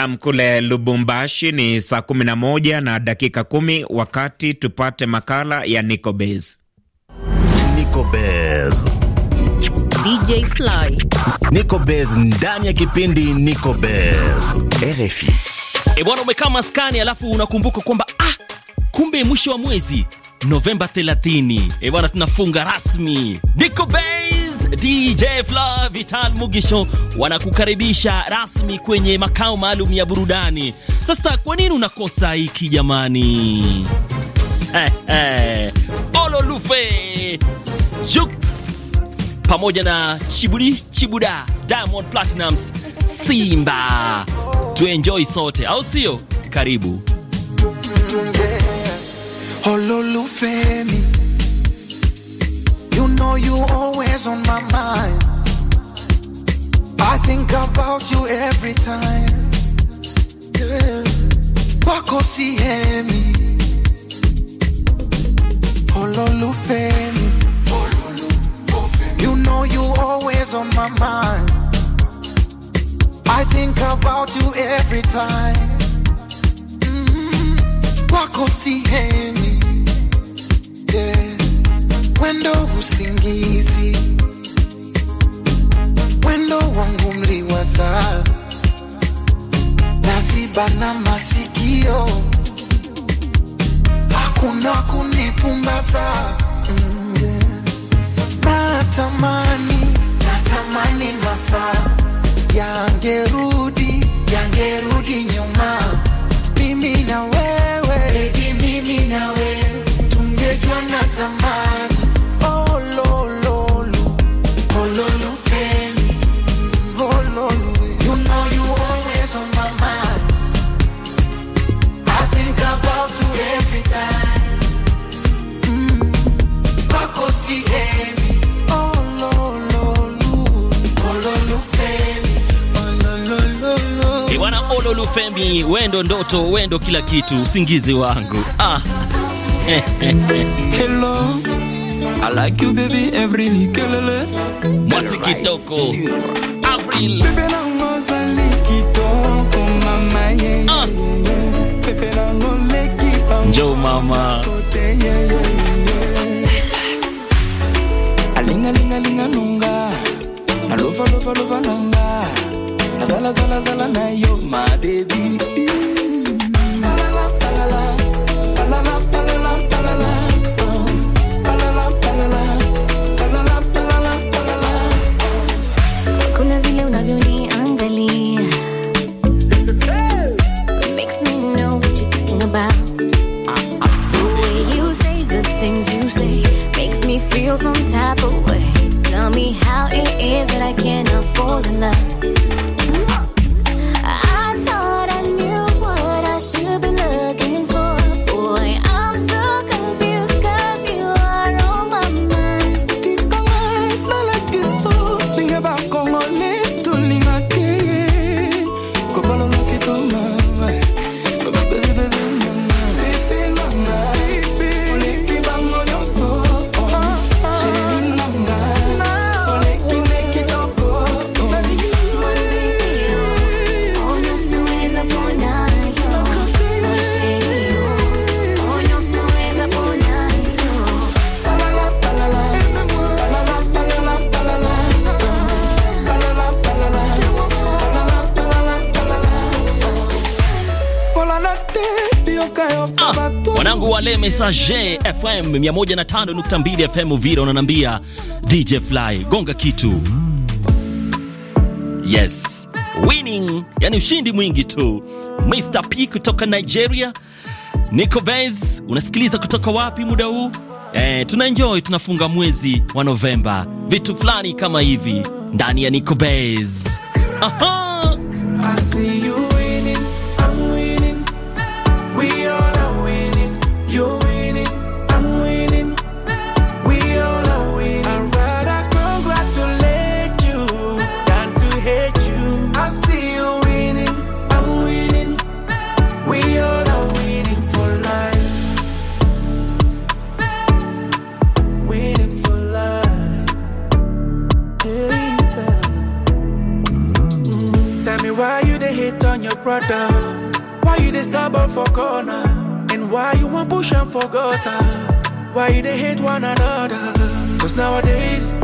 Nam, kule Lubumbashi ni saa kumi na moja na dakika kumi wakati tupate makala ya Nico Bez. DJ Fly. Nico ndani ya kipindi Nico RFI. E bwana, umekaa maskani alafu unakumbuka kwamba ah, kumbe mwisho wa mwezi Novemba 30. E bwana, tunafunga rasmi Nico DJ Fla Vital Mugisho wanakukaribisha rasmi kwenye makao maalum ya burudani. Sasa kwa nini unakosa hiki jamani? Eh, eh. Ololufe Jux pamoja na Chibudi Chibuda Diamond Platinums Simba, tuenjoy sote, au sio? Karibu yeah. know you are always on my mind. I think about you every time. Yeah. Wako si emi. sihemi, ololufemi. You know you are always on my mind. I think about you every time. Mm-hmm. Wako sihemi. wendo usingizi wendo wangu mliwaza nazibana masikio hakuna kunipumbaza natamani natamani masaa yangerudi yangerudi nyuma mimi na wewe mimi na wewe tungejua zamani wendo ndoto, wendo kila kitu, usingizi wangu ah. Hello, I like you baby every nikelele mwasi kitoko April Njoo mama alingalingalinga nunga nalovalova lova nanga nazalazalazala nayo mabebi makes me feel some type of way. Tell me how it is that I can't afford enough. Le Message FM 105.2 FM Uvira unanambia DJ Fly gonga kitu. Yes, winning, yani ushindi mwingi tu. Mr P kutoka Nigeria, Nico Benz, unasikiliza kutoka wapi muda huu? Eh, tuna enjoy, tunafunga mwezi wa Novemba, vitu fulani kama hivi ndani ya Nico Benz. Aha! they hate on your brother? Why you they stubborn for corner? And why you want push and forgot? Why you they hate one another? Cause nowadays,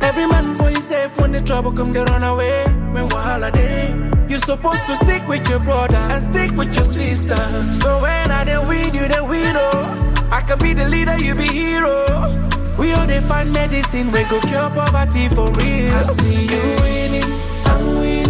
every man for himself when the trouble come they run away. When we're holiday, you're supposed to stick with your brother and stick with your sister. So when I then win, you then win, oh. I can be the leader, you be hero. We all they find medicine, we go cure poverty for real. I see you winning, I'm winning.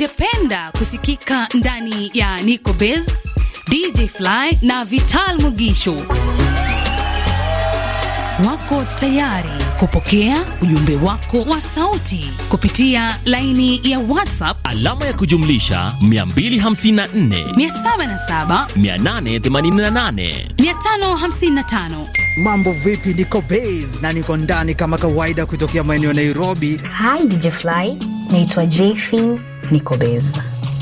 ungependa kusikika ndani ya Nico Bez, DJ Fly na Vital Mugisho wako tayari kupokea ujumbe wako wa sauti kupitia laini ya WhatsApp alama ya kujumlisha 254 Mambo vipi? Niko base na niko ndani kama kawaida kutokea maeneo ya Nairobi. Hi DJ Fly, naitwa Jfin niko base.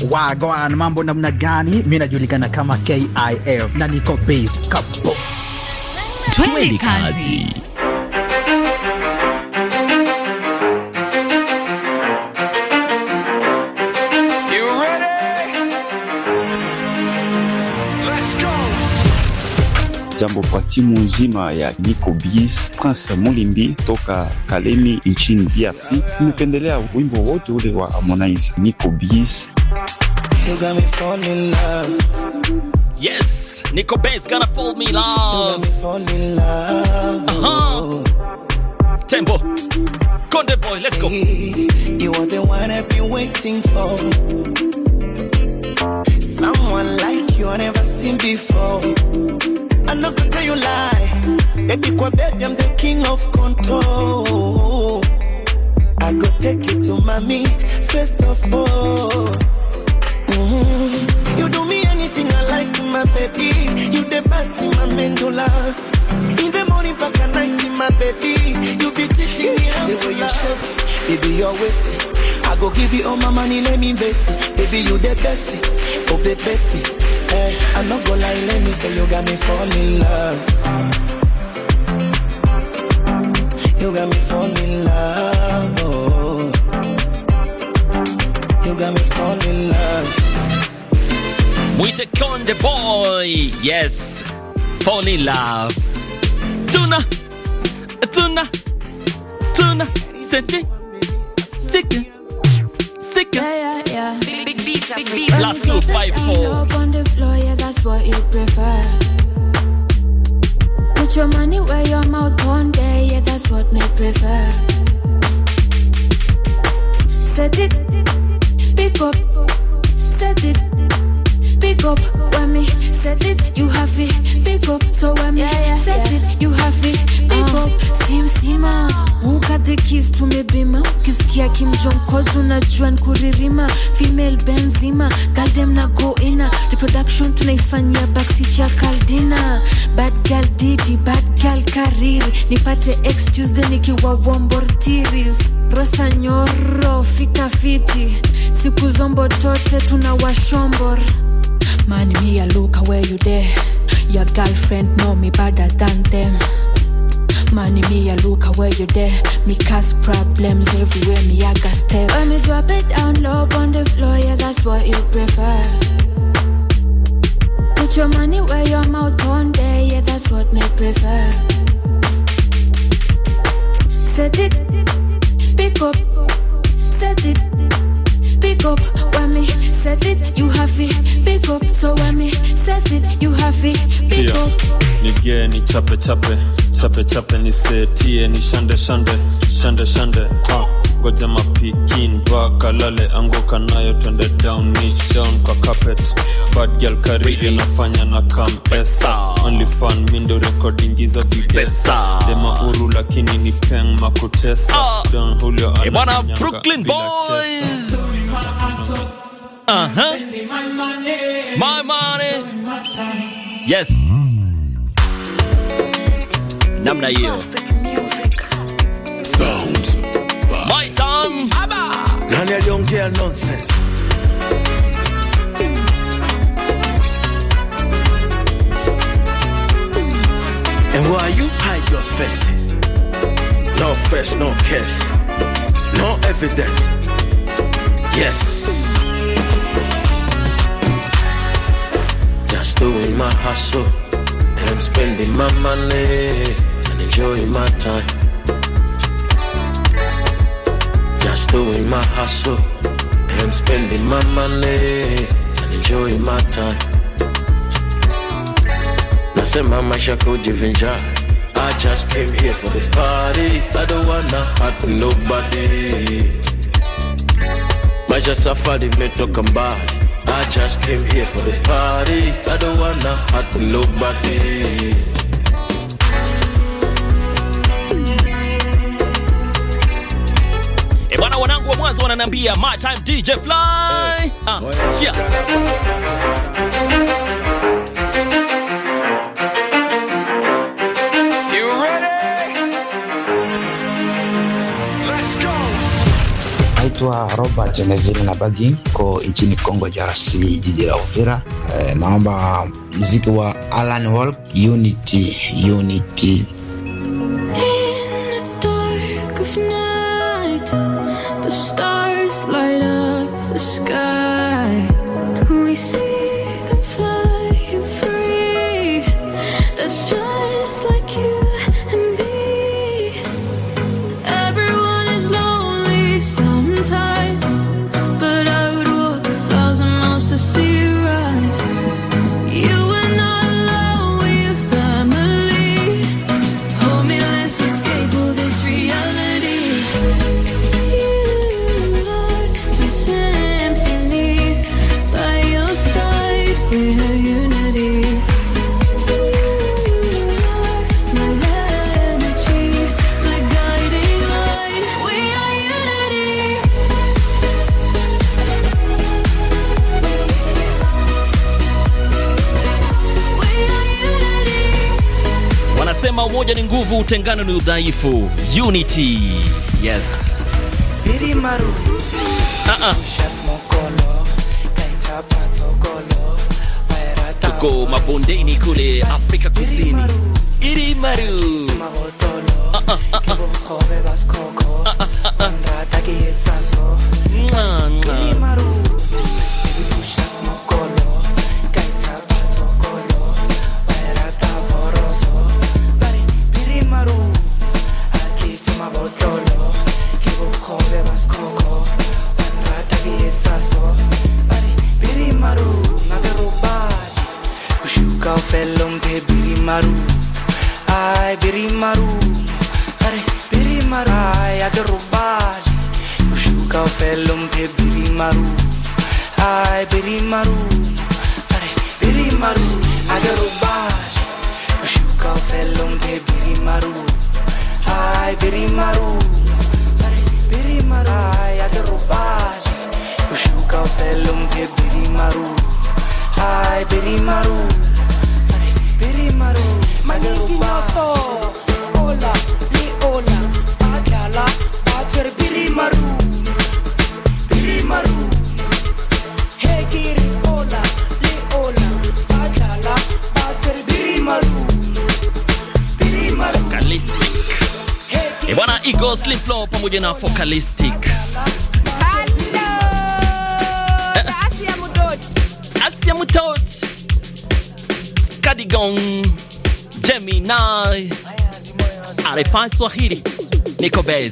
Wagwan, mambo namna gani? Mi najulikana kama KIF na niko base kapo. Twende kazi. Jambo kwa timu nzima ya bis Prince Mulimbi toka Kalemi nchini DRC, nimependelea wimbo wote ule wa Harmonize niko bis Yes. Nico gonna fall me love. Uh-huh. Tempo. Conde boy, let's go. You are the one I've been waiting for. Someone like you I never seen before. I'm not gonna tell you lie. Baby, kwa bed, I'm the king of control. I go take it to mommy, first of all. Mm-hmm. You do me anything I like, my baby. You the best in my mandula. In the morning, back at night, my baby. You be teaching me how This to way you shape, baby, you're wasting. I go give you all my money, let me invest it. Baby, you the best of the best. Hey, I no go lie, let me say you got me fall in love. You got me fall in love, oh. You got me fall in love. With a conde boy, yes, fall in love. Tuna, tuna, tuna, sitting, sitting, sitting. Yeah, yeah, yeah. Big B, last two, five, four. on the floor, yeah, that's what you prefer. Put your money where your mouth on there, yeah, that's what me prefer. Set it, pick up, set it, pick up. When me set it, you have it, pick up. So when me yeah, yeah, set yeah. it, you have it, pick um, up. Sim, sima. ukadhikis tumebima ukisikia kimjonkoj unajua nkuririma female benzima galdem na goina reproduction tunaifanyia baksicha ya kaldina bad gal didi bad gal kariri nipate ex tuesday tiris rosa nyoro fika fiti siku zombo tote tuna washombor man me a look away you there your girlfriend know me better than them Money me a look where you there. Me cause problems everywhere. Me I got step. When me drop it down low on the floor, yeah, that's what you prefer. Put your money where your mouth on there, yeah, that's what me prefer. Set it, pick up, set it, pick up. When me set it, you have it, pick up. So when me set it, you have it, pick up. Nigga, ni chape chape. chape chape ni setie eh, ni shande shande shande shande ha ah, goja mapikin vakalale anguka nayo twende down niche down kwa carpet bad girl karibia nafanya na kampesa only fan mindo recordingiza vipesa dema uru lakini ni peng makutesa ah. don julio hulio eh, anabana brooklyn boys uh-huh. my money my money yes mm. namna hiyo. Nani aliongea nonsense? And why you hide your face? No face, no case, no evidence. Yes. Just doing my hustle and spending my money enjoying my time. Just doing my hustle and spending my money and enjoying my time. Nasema maisha kujivinja. I just came here for the party. I don't wanna hurt nobody. Maisha safari imetoka mbali. I just came here for the party. I don't wanna hurt nobody. Mwanzo wananiambia my time DJ Fly. Uh, ah, sikia. Naitwa Robert Geneville na Bagi, ko nchini Kongo DRC, jiji la Uvira. Eh, naomba mziki wa Alan Walk Unity, Unity umoja ni nguvu, utengano ni udhaifu. Unity. Yes. Ah, ah. Tuko mabondeni kule Afrika Kusini. Irimaru. Uh-uh. Uh-uh. Uh-uh. Uh-uh. pelum ke biri maru Hai biri maru Biri maru Manigina so Ola ni ola Adala Bajar biri maru Biri maru Hey giri ola ni ola Adala Bajar biri maru Biri maru Focalistic Ebwana iko Slim Flow pamoja na Focalistic Katia Mutot, Kadigong. Gemini, Arifai Swahili, Niko Bez.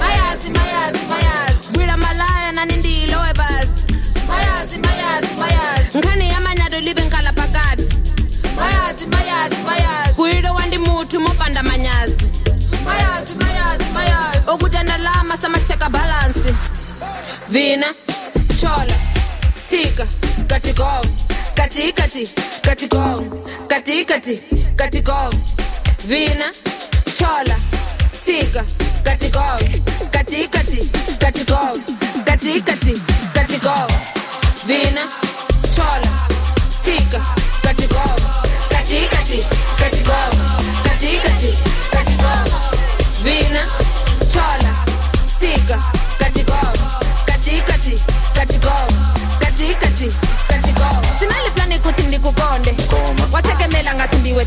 Mayazi, mayazi, mayazi. malaya na nindi ilowe Mayazi, mayazi, mayazi. Nkani nkala pakati. Mayazi, mayazi, mayazi. wandi mutu manyazi. Mayazi, mayazi, mayazi. sama cheka balansi. Vina chola sika katikov katikati katikov katikati katikov vina chola sika katikov katikati katikov katikati katikov vina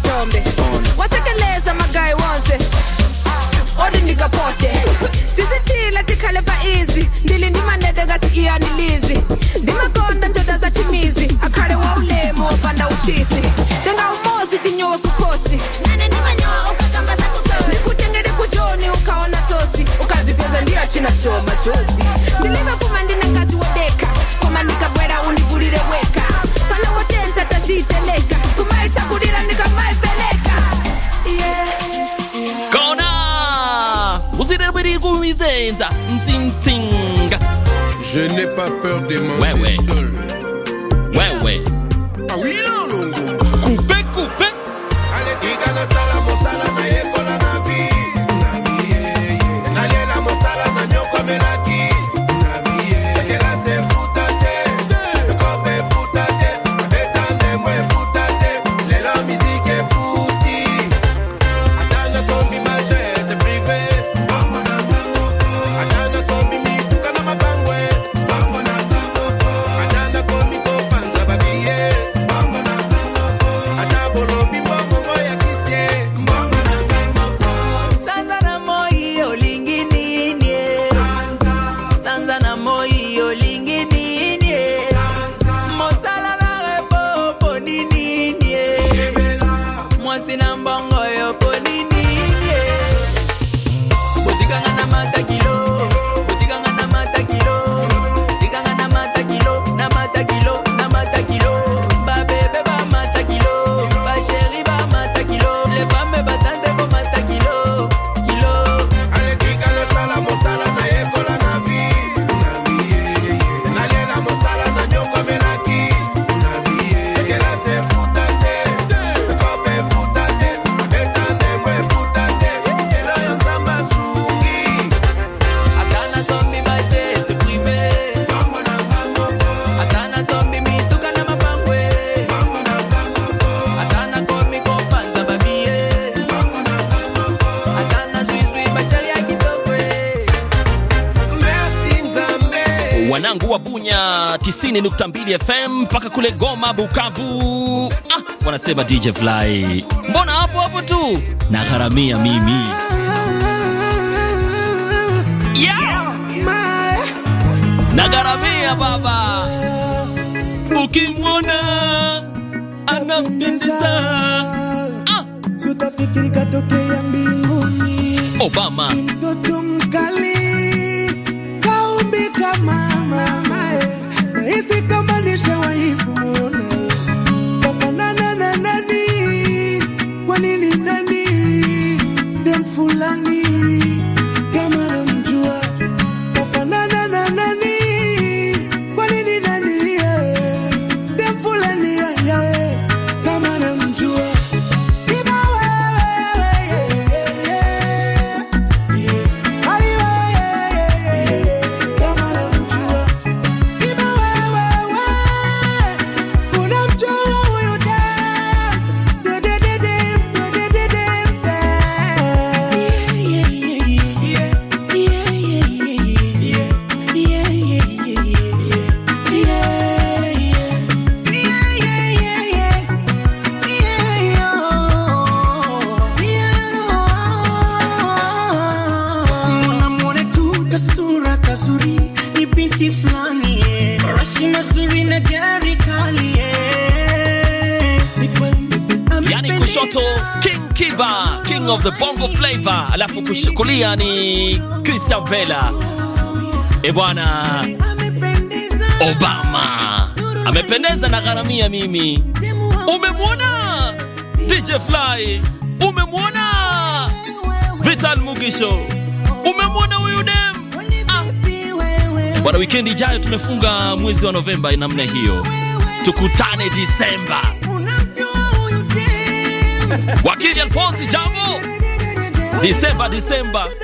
zombie peur des mains. Ouais, ouais. 90.2 FM mpaka kule Goma, Bukavu. Ah, wanasema DJ Fly, mbona hapo hapo tu na gharamia mimi yeah. na gharamia baba, ukimwona anampendeza ah. Obama yani kushoto King Kiba, King of the Bongo Flavor, alafu kushukulia ni Christabella. E bwana Obama amependeza na gharamia mimi. Umemwona DJ Fly? Umemwona Vital Mugisho? Umemwona huyu dem? Ah. Bwana, wikendi ijayo tumefunga mwezi wa Novemba namna hiyo, tukutane Disemba. Wakili Alfonsi, jambo. Disemba, Disemba